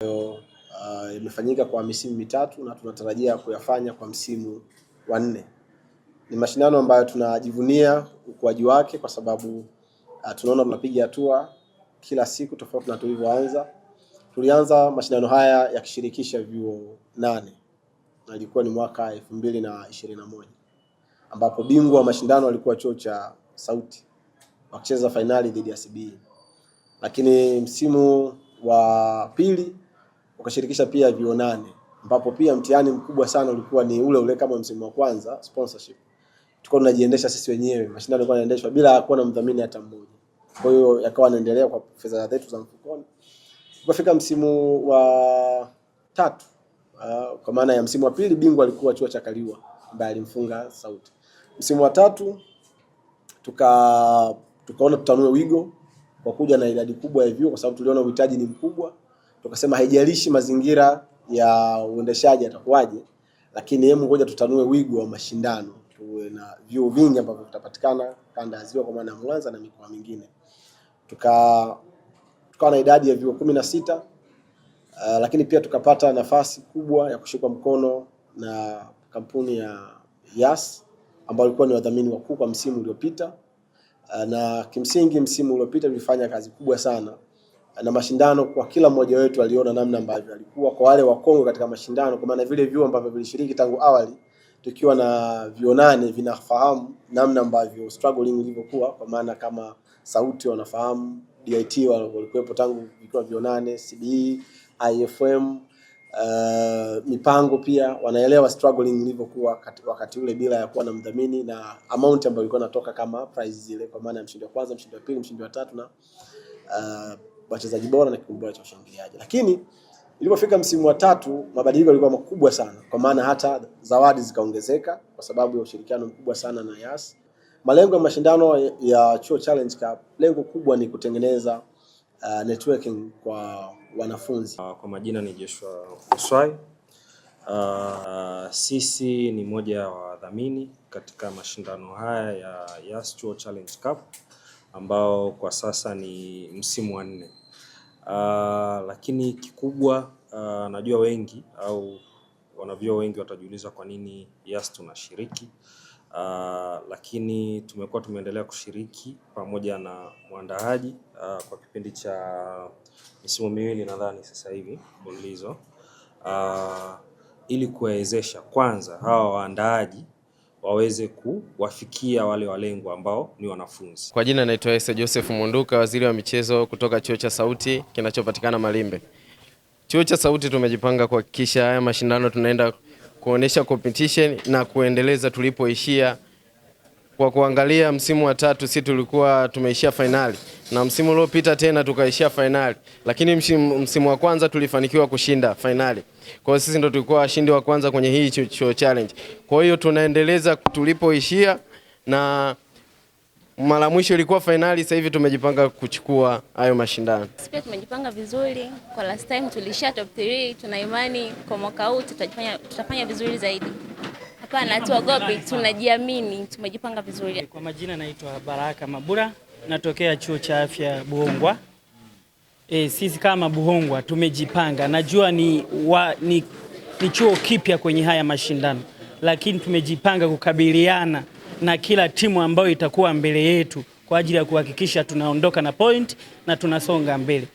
Uh, imefanyika kwa misimu mitatu na tunatarajia kuyafanya kwa msimu wa nne. Ni mashindano ambayo tunajivunia ukuaji wake kwa sababu uh, tunaona tunapiga hatua kila siku tofauti na tulivyoanza. Tulianza mashindano haya yakishirikisha vyuo nane na ilikuwa ni mwaka elfu mbili na ishirini na moja ambapo bingwa wa mashindano alikuwa chuo cha Sauti wakicheza fainali dhidi ya CBE, lakini msimu wa pili ukashirikisha pia vyuo nane ambapo pia mtihani mkubwa sana ulikuwa ni ule ule kama msimu wa kwanza sponsorship. Tulikuwa tunajiendesha sisi wenyewe, mashindano yalikuwa yanaendeshwa bila kuwa na mdhamini hata mmoja. Kwa hiyo yakawa yanaendelea kwa fedha zetu za mfukoni. Tukafika msimu wa tatu, uh, kwa maana ya msimu wa pili bingwa alikuwa chuo cha Kaliwa ambaye alimfunga Sauti. Msimu wa tatu tuka tukaona tutanue wigo kwa kuja na idadi kubwa ya vyuo kwa sababu tuliona uhitaji ni mkubwa tukasema haijalishi mazingira ya uendeshaji atakuwaje, lakini hebu ngoja tutanue wigo wa mashindano, tuwe na vyuo vingi ambavyo vitapatikana kanda ya Ziwa kwa maana ya Mwanza na mikoa mingine. Tuka tukawa na idadi ya vyuo kumi na sita uh, lakini pia tukapata nafasi kubwa ya kushikwa mkono na kampuni ya Yas ambao walikuwa ni wadhamini wakuu kwa msimu uliopita, uh, na kimsingi msimu uliopita vifanya kazi kubwa sana na mashindano kwa kila mmoja wetu aliona namna ambavyo alikuwa kwa wale wakongwe katika mashindano, kwa maana vile vyuo ambavyo vilishiriki tangu awali tukiwa na vyuo nane vinafahamu namna ambavyo struggling ilivyokuwa, kwa maana kama sauti wanafahamu, DIT walikuwepo tangu vikiwa vyuo nane, CBE, IFM, uh, eh, mipango pia wanaelewa struggling ilivyokuwa wakati ule bila ya kuwa na mdhamini na amount ambayo ilikuwa inatoka kama prize zile, kwa maana ya mshindi wa kwanza, mshindi wa pili, mshindi wa tatu na uh, wachezaji bora na kikundi bora cha ushangiliaji. Lakini ilipofika msimu wa tatu mabadiliko yalikuwa makubwa sana, kwa maana hata zawadi zikaongezeka kwa sababu ya ushirikiano mkubwa sana na Yas. Malengo ya mashindano ya Chuo Challenge Cup, lengo kubwa ni kutengeneza uh, networking kwa wanafunzi. Uh, kwa majina ni Joshua Uswai. Uh, sisi ni moja wa wadhamini katika mashindano haya ya Yas Chuo Challenge Cup ambao kwa sasa ni msimu wa nne. Uh, lakini kikubwa uh, najua wengi au wanavyo wengi watajiuliza kwa nini YAS tunashiriki. Uh, lakini tumekuwa tumeendelea kushiriki pamoja na mwandaaji uh, kwa kipindi cha misimu miwili nadhani sasa hivi mfululizo uh, ili kuwawezesha kwanza hawa waandaaji waweze kuwafikia wale walengwa ambao ni wanafunzi. Kwa jina naitwa Ese Joseph Munduka, waziri wa michezo kutoka Chuo cha Sauti kinachopatikana Malimbe. Chuo cha Sauti tumejipanga kuhakikisha haya mashindano tunaenda kuonesha competition na kuendeleza tulipoishia. Kwa kuangalia msimu wa tatu, si tulikuwa tumeishia fainali na msimu uliopita tena tukaishia fainali, lakini msimu wa kwanza tulifanikiwa kushinda fainali. Kwa hiyo sisi ndo tulikuwa washindi wa kwanza kwenye hii Chuo Challenge. Kwa hiyo tunaendeleza tulipoishia, na mara mwisho ilikuwa fainali. Sasa hivi tumejipanga kuchukua hayo mashindano. Sisi pia tumejipanga vizuri, kwa last time tulishia top 3. Tuna imani kwa mwaka huu tutafanya, tutafanya vizuri zaidi. Hapana, tuogopi, tunajiamini, tumejipanga vizuri. Kwa majina naitwa Baraka Mabura natokea chuo cha afya Buhongwa. E, sisi kama Buhongwa tumejipanga, najua ni, wa, ni, ni chuo kipya kwenye haya mashindano, lakini tumejipanga kukabiliana na kila timu ambayo itakuwa mbele yetu kwa ajili ya kuhakikisha tunaondoka na point na tunasonga mbele.